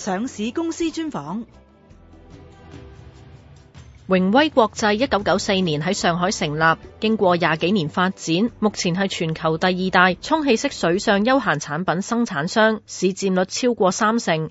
上市公司專訪。榮威國際一九九四年喺上海成立，經過廿幾年發展，目前係全球第二大充氣式水上休閒產品生產商，市占率超過三成。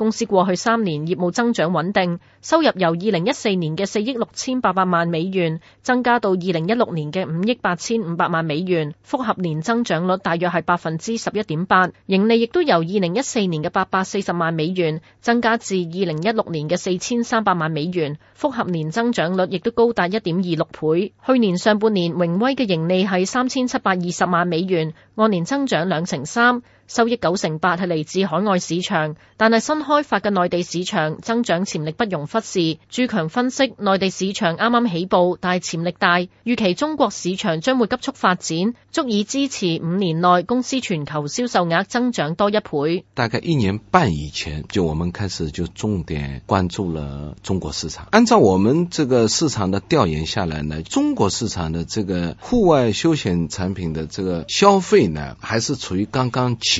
公司過去三年業務增長穩定，收入由二零一四年嘅四億六千八百萬美元增加到二零一六年嘅五億八千五百萬美元，複合年增長率大約係百分之十一點八，盈利亦都由二零一四年嘅八百四十萬美元增加至二零一六年嘅四千三百萬美元，複合年增長率亦都高達一點二六倍。去年上半年榮威嘅盈利係三千七百二十萬美元，按年增長兩成三。收益九成八係嚟自海外市場，但係新開發嘅內地市場增長潛力不容忽視。朱強分析，內地市場啱啱起步，但係潛力大，預期中國市場將會急速發展，足以支持五年內公司全球銷售額增長多一倍。大概一年半以前，就我們開始就重點關注了中國市場。按照我們這個市場的調研下來呢，中國市場的這個戶外休閒產品的這個消費呢，還是處於剛剛起。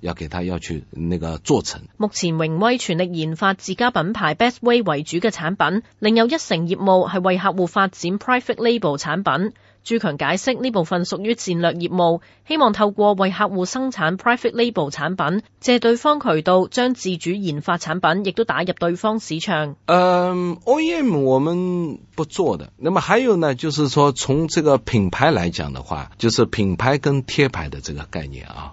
要給他要去那個做成。目前榮威全力研發自家品牌 Bestway 為主嘅產品，另有一成業務係為客戶發展 Private Label 產品。朱強解釋呢部分屬於戰略業務，希望透過為客戶生產 Private Label 產品，借對方渠道將自主研發產品亦都打入對方市場。嗯，呃，OEM 我們不做的。那麼還有呢，就是說從這個品牌來講的話，就是品牌跟貼牌的這個概念啊。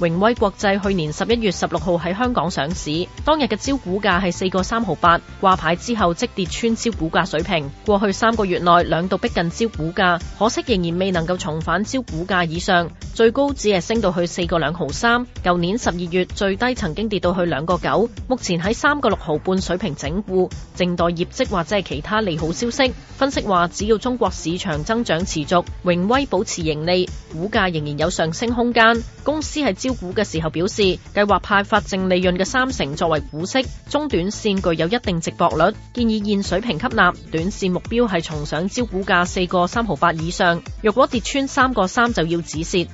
榮威國際去年十一月十六號喺香港上市，當日嘅招股價係四個三毫八，掛牌之後即跌穿招股價水平。過去三個月內兩度逼近招股價，可惜仍然未能夠重返招股價以上。最高只係升到去四個兩毫三，舊年十二月最低曾經跌到去兩個九，目前喺三個六毫半水平整固，靜待業績或者係其他利好消息。分析話，只要中國市場增長持續，榮威保持盈利，股價仍然有上升空間。公司喺招股嘅時候表示，計劃派發淨利潤嘅三成作為股息，中短線具有一定值博率，建議現水平吸納，短線目標係重上招股價四個三毫八以上。若果跌穿三個三就要止蝕。